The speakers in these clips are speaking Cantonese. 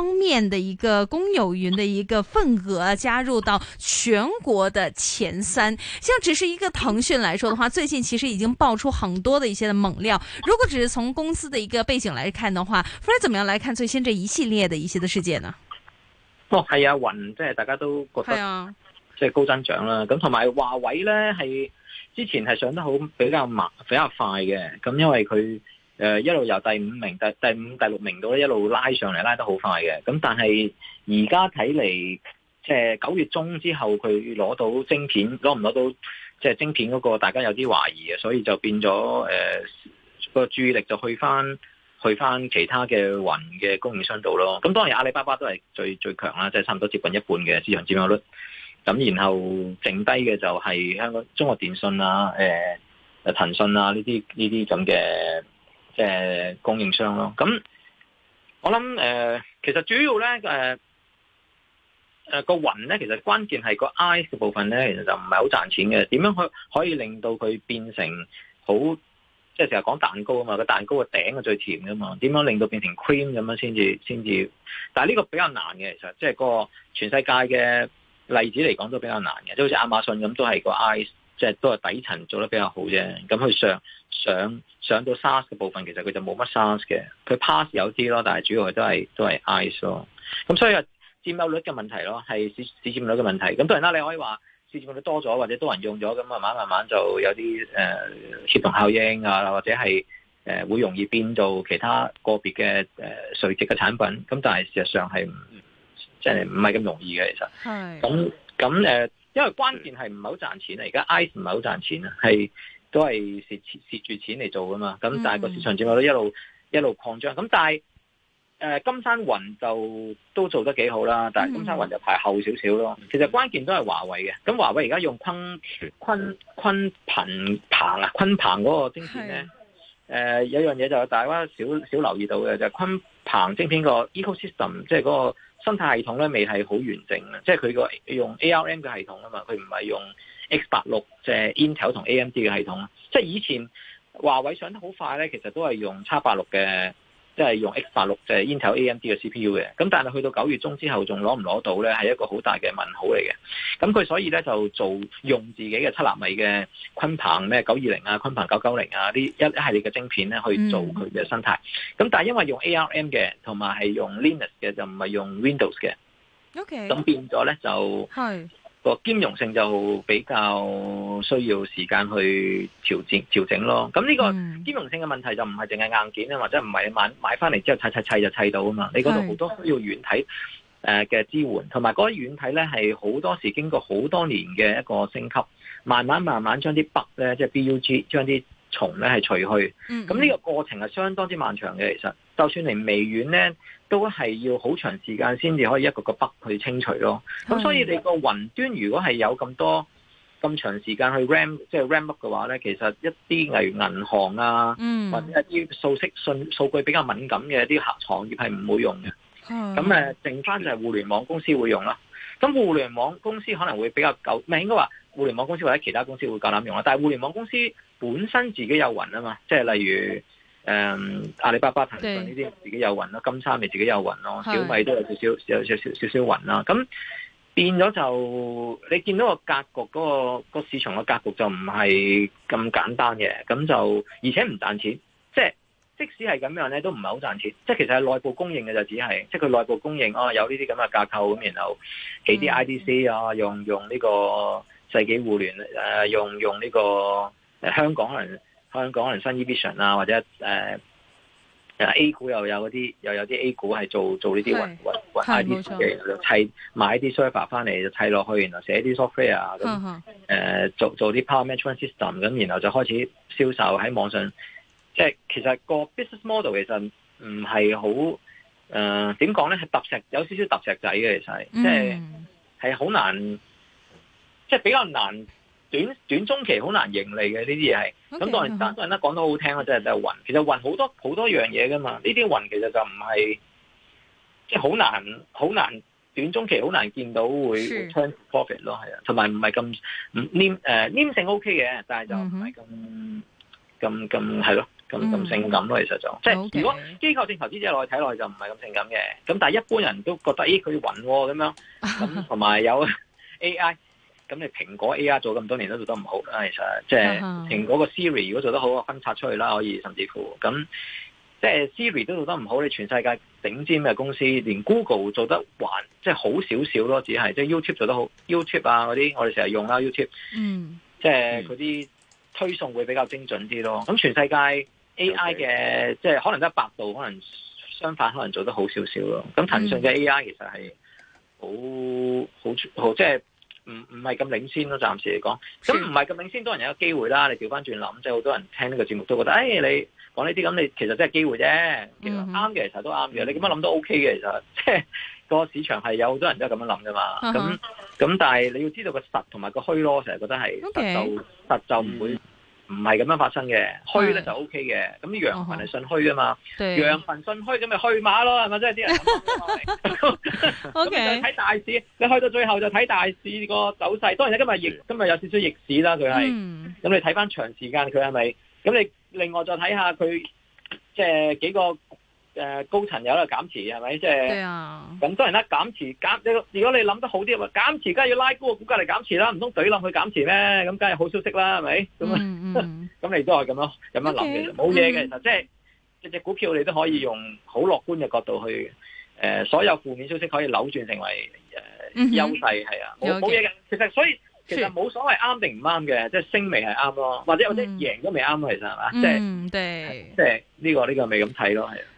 方面的一個公有雲的一個份額加入到全國的前三，像只是一個騰訊來說的話，最近其實已經爆出很多的一些的猛料。如果只是從公司的一個背景來看的話，不然怎麼樣來看最新這一系列的一些的事件呢？哦，係啊，雲即係大家都覺得是，啊，即係高增長啦。咁同埋華為呢，係之前係上得好比較慢，比較快嘅。咁因為佢。誒，一路由第五名、第第五、第六名到咧，一路拉上嚟，拉得好快嘅。咁但係而家睇嚟，即係九月中之後，佢攞到晶片，攞唔攞到，即係晶片嗰個，大家有啲懷疑嘅，所以就變咗誒，嗯呃個注意力就去翻去翻其他嘅雲嘅供應商度咯。咁當然阿里巴巴都係最最強啦，即係差唔多接近一半嘅市場佔有率。咁然後剩低嘅就係香港中國電信啊，誒誒騰訊啊呢啲呢啲咁嘅。即係供應商咯，咁我諗誒、呃，其實主要咧誒誒個雲咧，其實關鍵係個 ice 嘅部分咧，其實就唔係好賺錢嘅。點樣可可以令到佢變成好，即係成日講蛋糕啊嘛，個蛋糕個頂係最甜噶嘛，點樣令到變成 cream 咁樣先至先至？但係呢個比較難嘅，其實即係個全世界嘅例子嚟講都比較難嘅，即係好似亞馬遜咁，都係個 ice。即係都係底層做得比較好啫，咁佢上上上到 saas 嘅部分，其實佢就冇乜 saas 嘅，佢 pass 有啲咯，但係主要都係都係 IaaS 咯。咁所以啊，佔有率嘅問題咯，係市市佔率嘅問題。咁當然啦，你可以話市佔率多咗或者多人用咗，咁慢慢慢慢就有啲誒、呃、協同效應啊，或者係誒、呃、會容易變做其他個別嘅誒垂直嘅產品。咁但係事實上係唔即係唔係咁容易嘅，其實。係的。咁咁誒。因為關鍵係唔係好賺錢啊，而家 Ice 唔係好賺錢啊，係都係蝕蝕住錢嚟做噶嘛。咁但係個市場整體都一路一路擴張。咁但係誒、呃，金山雲就都做得幾好啦，但係金山雲就排後少少咯。其實關鍵都係華為嘅。咁華為而家用鯤鯤鯤鯤鵬、鯤鯤鵬嗰個晶片咧，誒是的、呃，有一樣嘢就係大家少少留意到嘅，就係鯤鵬晶片個 Ecosystem，那個 Ecosystem，即係嗰個。生態系統咧未係好完整啊，即係佢個用 ARM 嘅系統啊嘛，佢唔係用 X 八六即係 Intel 同 AMD 嘅系統，即係以前華為上得好快咧，其實都係用 X 八六嘅。即係用 X 八六即係 Intel A M D 嘅 C P U 嘅，咁但係去到九月中之後還拿不拿，仲攞唔攞到咧，係一個好大嘅問號嚟嘅。咁佢所以咧就做用自己嘅七納米嘅鯤鵬咩九二零啊，鯤鵬九九零啊啲一一系列嘅晶片咧去做佢嘅生態。咁、嗯、但係因為用 A R M 嘅，同埋係用 Linux 嘅，就唔係用 Windows 嘅。O Okay K。咁變咗咧就係。個兼容性就比較需要時間去調整調整咯。咁呢個兼容性嘅問題就唔係淨係硬件啊，或者唔係買買翻嚟之後砌砌砌就砌到啊嘛。你嗰度好多需要軟體誒嘅支援，同埋嗰啲軟體咧係好多時經過好多年嘅一個升級，慢慢慢慢將啲 bug 咧即係 BUG 將啲。同咧係除去，咁呢個過程係相當之漫長嘅。其實，就算嚟微軟咧，都係要好長時間先至可以一個個北去清除咯。咁所以你個雲端如果係有咁多咁長時間去 RAM 即係 RAM up 嘅話咧，其實一啲例如銀行啊，或者一啲數息信數據比較敏感嘅一啲客行業係唔會用嘅。咁誒，剩翻就係互聯網公司會用啦。咁互聯網公司可能會比較夠，唔係應該話互聯網公司或者其他公司會夠膽用啦。但係互聯網公司本身自己有雲啊嘛，即係例如誒、嗯、阿里巴巴、騰訊呢啲自己有雲咯，對金山咪自己有雲咯，小米都有少少對有少有少少少雲啦。咁變咗就你見到個格局嗰、嗰個嗰個市場嘅格局就唔係咁簡單嘅，咁就而且唔賺錢。即使係咁樣咧，都唔係好賺錢。即係其實係內部供應嘅就只係，即係佢內部供應啊，有呢啲咁嘅架構咁，然後起啲 IDC 啊，用用呢個世紀互聯誒、呃，用用呢、呢個香港人香港人新 e vision 啊，或者誒、呃嗯、A 股又有嗰啲又有啲 A 股係做做呢啲雲是雲 IDC 嘅錯，就砌買啲 server 翻嚟就砌落去，然後寫啲 software 啊、嗯，誒、嗯嗯、做做啲 power management system 咁，然後就開始銷售喺網上。即係其實個 business model 其實唔係好，誒點講咧，係揼石，有少少揼石仔嘅其實、就是，即係係好難，即係比較難短短中期好難盈利嘅呢啲嘢係。咁 Okay, 當然，多人咧，講得好好聽啊，即係都係雲。其實雲好多好多樣嘢噶嘛，呢啲雲其實就唔係，即係好難好難短中期好難見到會 turn profit 咯，係啊，同埋唔係咁黏，誒、呃、黏性 O K 嘅，但係就唔係咁咁咁係咯。咁咁、嗯、性感咯，其實就即、是、係 Okay. 如果機構性投資者落去睇落去，就唔係咁性感嘅。咁但係一般人都覺得，咦佢喎，咁、哦、樣咁，同埋 有,有 AI。咁你蘋果 AI 做咁多年都做得唔好啦，其實即係蘋果個 Siri 如果做得好，分拆出去啦，可以甚至乎咁。即係、就是、Siri 都做得唔好，你全世界頂尖嘅公司，連 Google 做得還即係、就是、好少少咯，只係即係、就是、YouTube 做得好 YouTube 啊嗰啲，我哋成日用啦 YouTube。嗯。即係嗰啲推送會比較精準啲咯。咁全世界。A.I. 嘅，即係可能得百度，可能相反，可能做得好少少咯，咁騰訊嘅 A.I. 其實係好好好即係唔唔係咁領先咯，暫時嚟講。咁唔係咁領先，多人有個機會啦。你調翻轉諗，即係好多人聽呢個節目都覺得，誒對 你講呢啲咁，那你其實真係機會啫，嗯、哼 其實啱嘅，其實都啱嘅。你咁樣諗都 O.K. 嘅其實，即係個市場係有好多人都係咁樣諗㗎嘛。咁咁、嗯、哼 但係你要知道個實同埋個虛咯，成日覺得係實就 Okay 實就唔會。唔係咁樣發生嘅，虛咧就 OK 嘅，咁啲羊群係信虛啊嘛，羊群、哦、信虛咁咪去馬咯，係咪即係啲人？咁就睇大市，你去到最後就睇大市個走勢，當然你今日逆，今日有少少逆市啦，佢係，咁、嗯、你睇翻長時間佢係咪？咁你另外再睇下佢即係幾個。誒，高層有得減持係咪？即係咁當然啦，減持減。你如果你諗得好啲，減持梗係要拉高個股價嚟減持啦，唔通懟落去減持咩？咁梗係好消息啦，係咪？咁啊，咁你都係咁樣咁樣諗嘅，冇嘢嘅。其實即係只只股票你都可以用好樂觀嘅角度去，誒，所有負面消息可以扭轉成為誒優勢，係啊，冇嘢嘅。其實所以其實冇所謂啱定唔啱嘅，即係升未係啱咯，或者或者贏都未啱其實係嘛？即係即係呢個呢個咪咁睇咯，係。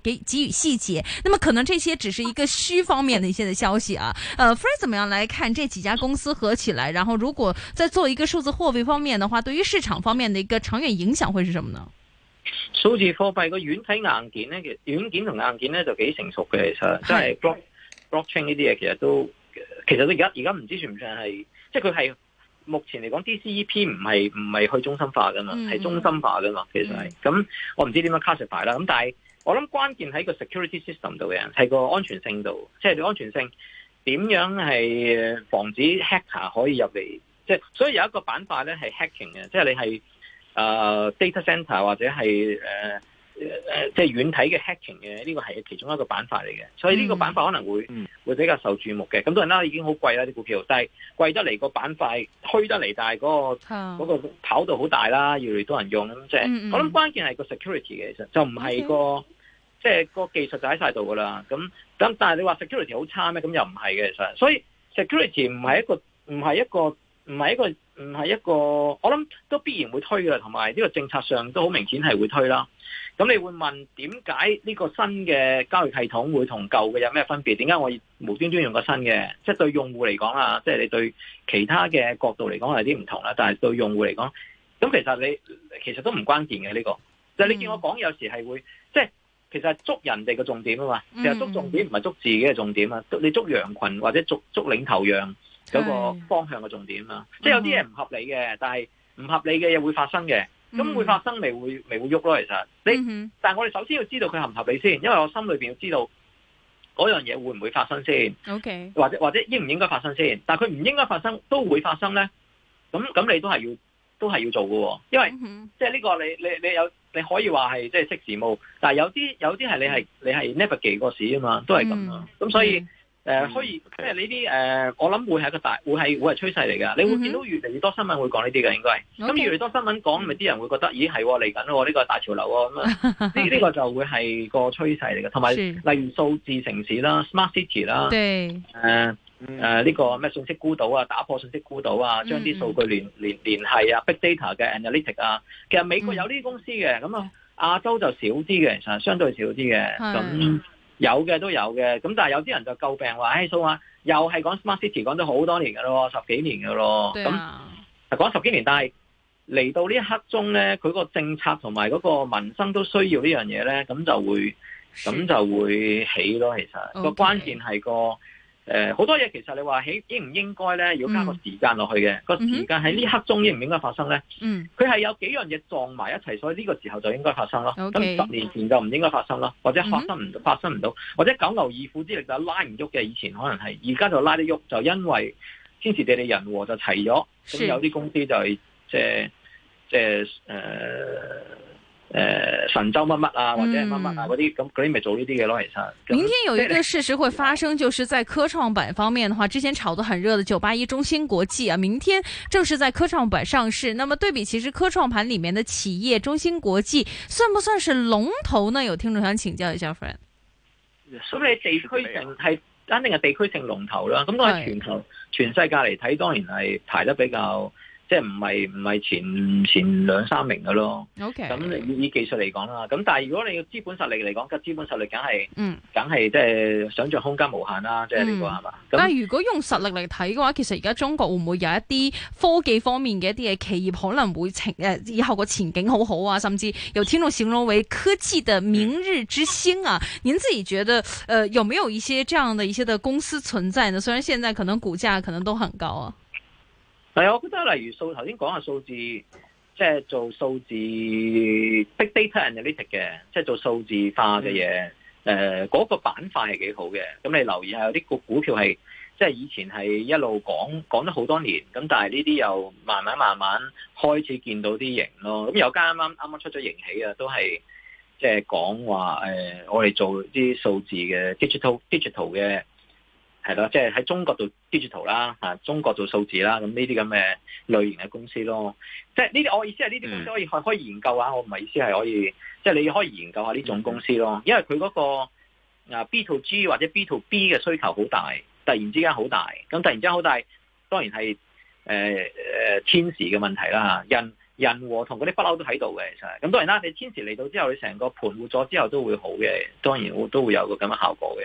給，給予細節，那麼可能這些只是一個虛方面的一些的消息啊。呃 Further 怎麼樣來看這幾家公司合起來，然後如果在做一個數字貨幣方面的話，對於市場方面的一個長遠影響會是什麼呢？數字貨幣個軟體硬件呢，軟件同硬件呢，就幾成熟嘅，其實是即係 block blockchain 呢啲嘢，其實都其實都而家而家唔知算唔算係，即係佢係目前嚟講，DCEP 唔係唔係去中心化噶嘛，係、嗯、中心化噶嘛，其實係。咁、嗯嗯、我唔知點樣 classify 啦。咁但係我諗關鍵喺個 security system 度嘅，係個安全性度，即係你安全性點樣係防止 hacker 可以入嚟，即係所以有一個板塊咧係 hacking 嘅，即係你係誒、呃、data center 或者係誒。呃誒即係軟體嘅 hacking 嘅呢個係其中一個板塊嚟嘅，所以呢個板塊可能會、mm hmm. 會比較受注目嘅。咁多人啦，已經好貴啦啲股票，但係貴得嚟個板塊推得嚟、那個，但係嗰個跑道好大啦，越嚟越多人用咁即係。就是 mm hmm. 我諗關鍵係個 security 嘅，其實就唔係個即係、就是、個技術就喺晒度噶啦。咁咁但係你話 security 好差咩？咁又唔係嘅其實。所以 security 唔係一個唔係一個。不是一個唔係一個，唔係一個我諗都必然會推嘅，同埋呢個政策上都好明顯係會推啦。咁你會問點解呢個新嘅交易系統會同舊嘅有咩分別？點解我無端端用個新嘅？即、就、係、是、對用戶嚟講啊，即、就、係、是、你對其他嘅角度嚟講係啲唔同啦。但係對用戶嚟講，咁其實你其實都唔關鍵嘅呢、這個。就是、你見我講有時係會，即、就、係、是、其實捉人哋嘅重點啊嘛。其實捉重點唔係捉自己嘅重點啊。你捉羊群或者捉抓，抓領頭羊。有嗰個方向嘅重點啊，是的即係有啲嘢唔合理嘅，嗯、哼但係唔合理嘅嘢會發生嘅，咁、嗯、哼會發生咪會未會喐咯？其實會你，嗯、哼但係我哋首先要知道佢合唔合理先，因為我心裏邊要知道嗰樣嘢會唔會發生先、嗯哼，或者或者應唔應該發生先。但係佢唔應該發生都會發生咧，咁咁你都係要都係要做噶，因為、嗯、哼即係呢個你你你有你可以話係即係識時務，但係有啲有啲係你係、嗯、哼你係 navigate 個市啊嘛，都係咁啊，咁、嗯、哼所以。嗯誒，可以，即係呢啲誒，我諗會係一個大，會係會係趨勢嚟噶。你會見到越嚟越多新聞會講呢啲噶，應該係。咁越嚟越多新聞講，咪啲人會覺得，咦係嚟緊喎，呢個係大潮流喎。咁呢呢個就會係個趨勢嚟㗎。同埋，例如數字城市啦，smart city 啦，誒誒，呢個咩信息孤島啊，打破信息孤島啊，將啲數據連連聯繫啊，big data 嘅 analytic 啊，其實美國有呢啲公司嘅，咁啊，亞洲就少啲嘅，其實相對少啲嘅，咁。有嘅都有嘅，咁但係有啲人就詬病話，唉，哎，數碼又係講 smart city，講咗好多年噶咯，十幾年噶咯，咁呀，講十幾年，但係嚟到呢一刻中咧，佢個政策同埋嗰個民生都需要呢樣嘢咧，咁就會，咁就會起咯，其實個 Okay。關鍵係個。誒，好、呃、多嘢，其實你話喺應唔應該咧，要加個時間落去嘅？嗯、個時間喺呢刻鐘應唔應該發生咧？嗯，佢係有幾樣嘢撞埋一齊，所以呢個時候就應該發生咯。咁十、嗯、年前就唔應該發生咯，或者發生唔、嗯、發生唔到，或者九牛二虎之力就拉唔喐嘅，以前可能係，而家就拉得喐，就因為天時地利人和就齊咗，咁是有啲公司就係即係即係誒。就是就是呃呃、神州乜乜啊，或者乜乜啊嗰啲，咁嗰啲咪做呢啲嘅咯，其實。明天有一個事實會發生，就是在科創板方面的話，之前炒得很熱的九八一、中芯國際啊，明天正式在科創板上市。那麼對比，其實科創板裏面的企業，中芯國際算不算是龍頭呢？有聽眾想請教一下，friend。咁你地區性係肯定係地區性龍頭啦，咁係全球對全世界嚟睇，當然係排得比較。即係唔係唔係前前兩三名嘅咯，咁你 Okay, 以，以技術嚟講啦，咁但係如果你要資本實力嚟講，咁資本實力梗係，嗯，梗係即係想象空間無限啦，即係呢個係嘛？但係如果用實力嚟睇嘅話，其實而家中國會唔會有一啲科技方面嘅一啲嘅企業可能會前誒以後嘅前景好好啊，甚至有聽眾形容為科技的明日之星啊，您自己覺得誒、呃、有沒有一些這樣的一些的公司存在呢？雖然現在可能股價可能都很高啊。係，我覺得例如數頭先講嘅數字，即係做數字 big data analytics 嘅，即係做數字化嘅嘢。誒、嗯，嗰個板塊係幾好嘅。咁你留意下，有啲個股票係即係以前係一路講講咗好多年，咁但係呢啲又慢慢慢慢開始見到啲型咯。咁有間啱啱啱啱出咗型起啊，都係即係講話誒，我哋做啲數字嘅 digital digital 嘅。係咯，即係喺中國做 digital 啦，吓中國做數字啦，咁呢啲咁嘅類型嘅公司咯。即係呢啲，我意思係呢啲公司可以可以研究下。嗯、我唔係意思係可以，即係你可以研究下呢種公司咯。嗯、因為佢嗰個啊 B to G 或者 B to B 嘅需求好大，突然之間好大。咁突然之間好大，當然係誒誒天時嘅問題啦。人人和同嗰啲不嬲都喺度嘅，其實咁當然啦。你天時嚟到之後，你成個盤活咗之後都會好嘅，當然都會有個咁嘅效果嘅。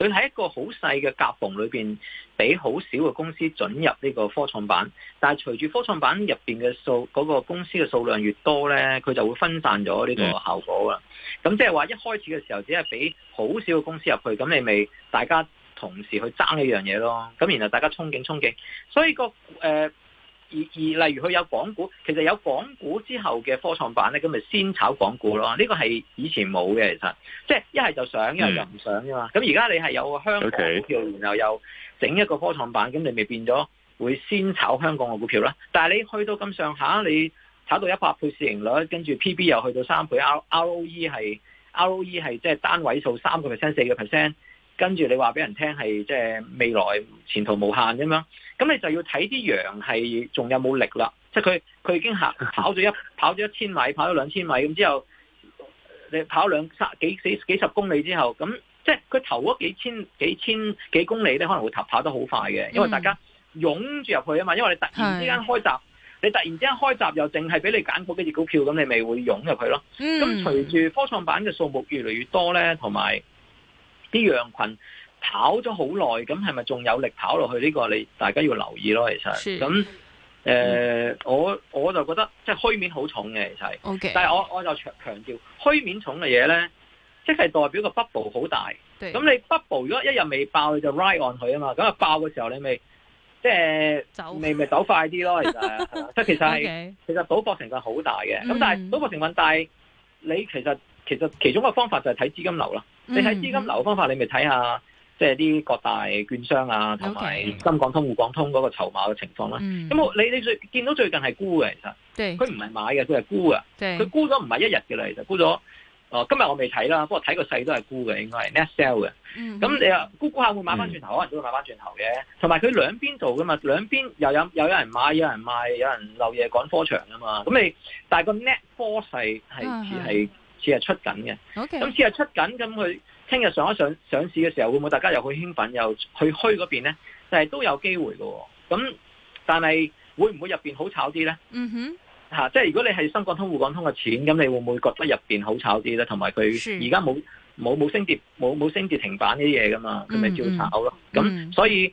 佢喺一個好細嘅夾縫裏面，俾好少嘅公司准進入呢個科創板。但係隨住科創板入面嘅數嗰，嗰個公司嘅數量越多咧，佢就會分散咗呢個效果啦。咁即係話一開始嘅時候，只係俾好少嘅公司入去，咁你咪大家同時去爭一樣嘢咯。咁然後大家憧憬憧憬，所以、個誒。呃而而例如佢有港股，其實有港股之後嘅科創板咧，咁咪先炒港股咯。呢個係以前冇嘅，其實即係一係就上，一係就唔上嘅嘛。咁而家你係有香港股票，Okay. 然後又整一個科創板，咁你咪變咗會先炒香港嘅股票啦。但係你去到咁上下，你炒到一百倍市盈率，跟住 P B 又去到三倍，R O E 係 R O E 係即係單位數三個 percent 四個 percent。跟住你話俾人聽係即係未來前途無限咁樣，咁你就要睇啲羊係仲有冇力啦。即係佢佢已經跑跑咗一跑咗一千米，跑咗兩千米咁之後，你跑兩三幾十公里之後，咁即係佢頭嗰幾千幾千幾千幾公里咧，可能會跑跑得好快嘅。因為大家湧住入去啊嘛，因為你突然之間開閘，的你突然之間開閘又淨係俾你揀嗰幾隻股票，咁你咪會湧入去咯。咁隨住科創板嘅數目越嚟越多咧，同埋，啲羊群跑咗好耐，咁係咪仲有力跑落去呢個？你大家要留意咯，其實咁，誒是，呃嗯、我我就覺得即係虛面好重嘅，其實 O Okay . K. 但係我我就強強調，虛面重嘅嘢咧，即係代表個 bubble 好大。對。咁你 bubble 如果一日未爆，你就 ride on 佢啊嘛。咁啊爆嘅時候，你咪即係，走咪咪走快啲咯。其實，即係其實係，其實賭博成分好大嘅。咁但係賭博成分但大，你其實其實其中個方法就係睇資金流啦。你睇資金流方法，嗯、你咪睇下即係啲各大券商啊，同埋深港通、滬港通嗰個籌碼嘅情況啦。咁你你最見到最近係沽嘅，其實佢唔係買嘅，佢係沽嘅。佢對沽咗唔係一日嘅啦，其實沽咗。哦、呃，今日我未睇啦，不過睇個勢都係沽嘅，應該係 net sell 嘅。咁、嗯、你啊沽估下會買翻轉頭，嗯、可能都會買翻轉頭嘅。同埋佢兩邊做噶嘛，兩邊又有又有，有人買，有人賣，有人漏夜趕科場啊嘛。咁你但係個 net force 係似係。是似係出緊嘅，咁似係出緊，咁佢聽日上一上上市嘅時候，會唔會大家又去興奮，又去虛嗰邊呢？就係、是、都有機會嘅、哦。咁但係會唔會入邊好炒啲呢？嗯哼、mm，嚇、hmm. 啊！即係如果你係深港通、滬港通嘅錢，咁你會唔會覺得入邊好炒啲呢？同埋佢而家冇冇冇升跌、冇冇升跌停板呢啲嘢噶嘛？咁咪照炒咯。咁所以。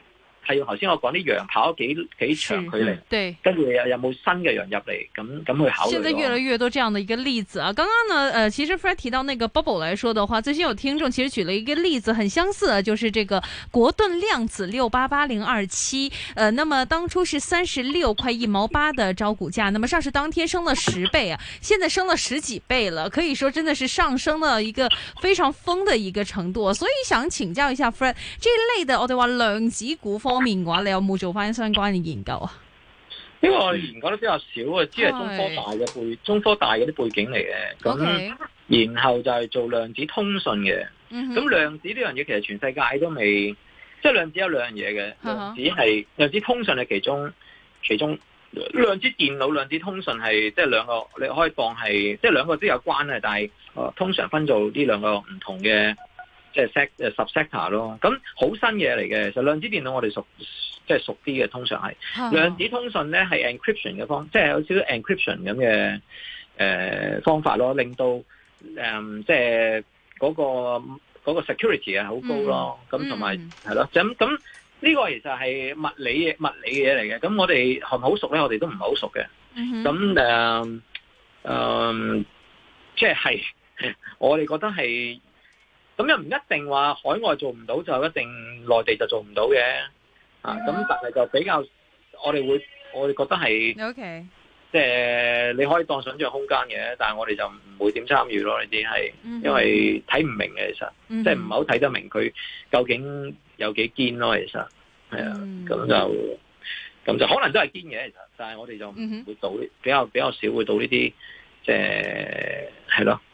係頭先我講啲羊跑幾幾長距離，對，跟住又有冇新嘅羊入嚟咁咁去考慮？現在越來越多這樣的一個例子啊！剛剛呢，誒、呃，其實 Fred 提到那個 bubble 來說的話，最近有聽眾其實舉了一個例子，很相似啊，就是這個國盾量子六八八零二七，誒，那麼當初是三十六塊一毛八的招股價，那麼上市當天升了十倍啊，現在升了十幾倍了，可以說真的是上升了一個非常瘋的一個程度、啊。所以想請教一下 Fred，這類的我哋話量級股份。方面嘅話，你有冇做翻相關嘅研究啊？因為我哋研究得比較少啊，嗯、只係中科大嘅背，是中科大嗰啲背景嚟嘅。咁 Okay，然後就係做量子通信嘅。咁、嗯、哼量子呢樣嘢其實全世界都未，即、就、係、是、量子有兩樣嘢嘅、嗯哼。量子係量子通信係其中其中量子電腦、量子通信係即係兩個，你可以當係即係兩個都有關係，但係、呃、通常分做呢兩個唔同嘅。即係 sector 誒 subsector 咯，咁好新嘢嚟嘅。就是、量子電腦我哋熟，即、就、係、是、熟啲嘅。通常係、uh huh. 量子通訊咧，係 encryption 嘅方，即係有少少 encryption 咁嘅誒、呃、方法咯，令到誒、嗯、即係嗰、那個、那個 security 啊好高咯。咁同埋係咯，咁咁呢個其實係物理嘢，物理嘅嘢嚟嘅。咁我哋係咪好熟咧？我哋都唔係好熟嘅。咁誒誒，即係我哋覺得係。咁又唔一定話海外做唔到就一定內地就做唔到嘅，啊咁但係就比較我哋會我哋覺得係，ok，即係你可以當想象空間嘅，但係我哋就唔會點參與咯呢啲係，因為睇唔明嘅其實，即係唔係好睇得明佢究竟有幾堅咯其實，係啊咁就咁就可能都係堅嘅其實，但係我哋就唔會到呢比較比較少會到呢啲，即係係咯。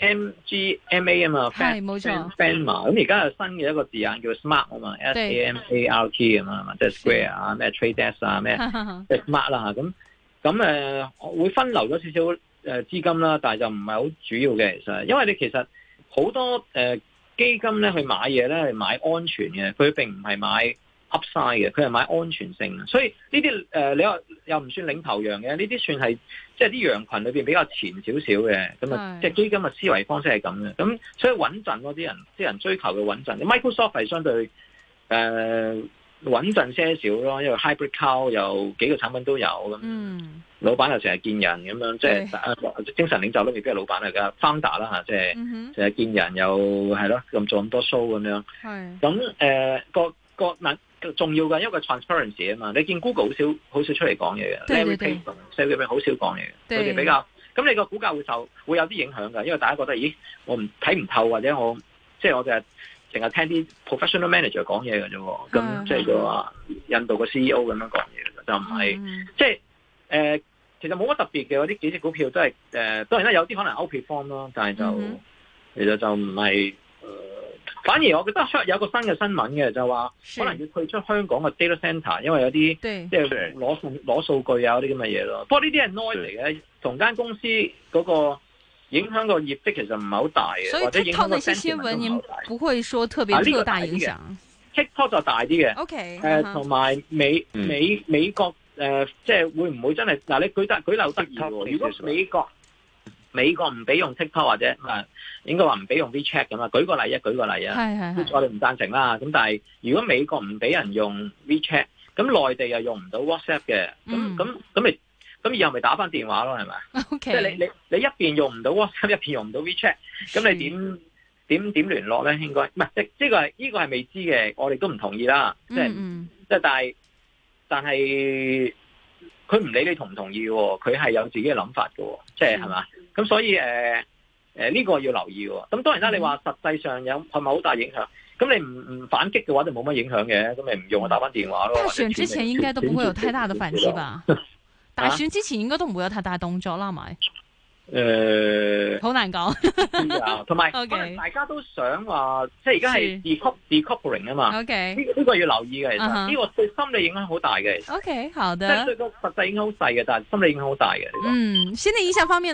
M G M A 啊嘛，Fan a 咁而家又新嘅一個字眼叫 Smart 啊嘛，S, mart, S, 對 S, S a M A R T 啊嘛對，即係 Square 啊的，咩 Trade Desk 啊，咩 Smart 啦，咁咁誒，會分流咗少少誒資金啦，但係就唔係好主要嘅其實，因為你其實好多誒、呃、基金咧去買嘢咧係買安全嘅，佢並唔係買 Upside 嘅，佢係買安全性的，所以呢啲誒你話又唔算領頭羊嘅，呢啲算係。即係啲羊群裏邊比較前少少嘅，咁啊，即係基金嘅思維方式係咁嘅，咁所以穩陣嗰啲人，啲人追求嘅穩陣。Microsoft 係相對誒、呃、穩陣些少咯，因為 Hybrid Cloud 有又幾個產品都有咁，嗯、老闆又成日見人咁樣，即、就、係、是、是精神領袖都未必係老闆嚟噶，founder 啦嚇，即係成日見人又係咯，咁做咁多 show 咁樣。係是。咁誒、呃，那個。個重要嘅，因為 transparency 啊嘛，你見 Google 好少好少出嚟講嘢嘅 Airbnb、Airbnb 好少講嘢嘅，佢哋對比較咁你個股價會受會有啲影響嘅，因為大家覺得咦，我唔睇唔透或者我即係我就係成日聽啲 professional manager 講嘢㗎啫喎，咁、啊、即係話、嗯、印度個 CEO 咁樣講嘢嘅就唔係、嗯、即係誒、呃，其實冇乜特別嘅，啲幾隻股票都係誒、呃，當然啦，有啲可能 outperform 咯，但係就其實就唔係反而我覺得出有個新嘅新聞嘅，就話可能要退出香港嘅 data centre，因為有啲即係攞數攞數據啊啲咁嘅嘢咯。不過呢啲係 noise 嚟嘅，對同間公司嗰個影響個業績其實唔係好大嘅。所以 TikTok 那些新聞唔不會說特別特大影響、啊、？TikTok 就大啲嘅。OK，誒同埋美美、嗯、美國誒、呃，即係會唔會真係嗱、啊？你舉得舉漏得意喎！如果美國、啊美國唔俾用 TikTok 或者啊，應該話唔俾用 WeChat 咁啊。舉個例啊，舉個例啊。係係我哋唔贊成啦。咁但係如果美國唔俾人用 WeChat，咁內地又用唔到 WhatsApp 嘅。咁咁咁咪咁以後咪打返電話咯，係咪？OK。Okay 即係你你你一邊用唔到 WhatsApp，一邊用唔到 WeChat，咁你點點點聯絡咧？應該唔係即係呢個係呢個係未知嘅。我哋都唔同意啦。即係、嗯嗯、即係但係但係佢唔理你同唔同意，佢係有自己嘅諗法嘅。即係係嘛？咁所以誒誒呢個要留意喎。咁當然啦，你話實際上有係咪好大影響？咁你唔唔反擊嘅話，就冇乜影響嘅。咁你唔用我打翻電話咯。大選之前應該都唔會有太大嘅反擊吧？大選之前應該都唔會有太大動作啦，係咪？誒，好難講。同埋可能大家都想話，即係而家係 decoupling 啊嘛。OK，呢個要留意嘅其實，呢個對心理影響好大嘅。OK，好的。即係對個實際影響好細嘅，但係心理影響好大嘅呢個。嗯，心理影響方面。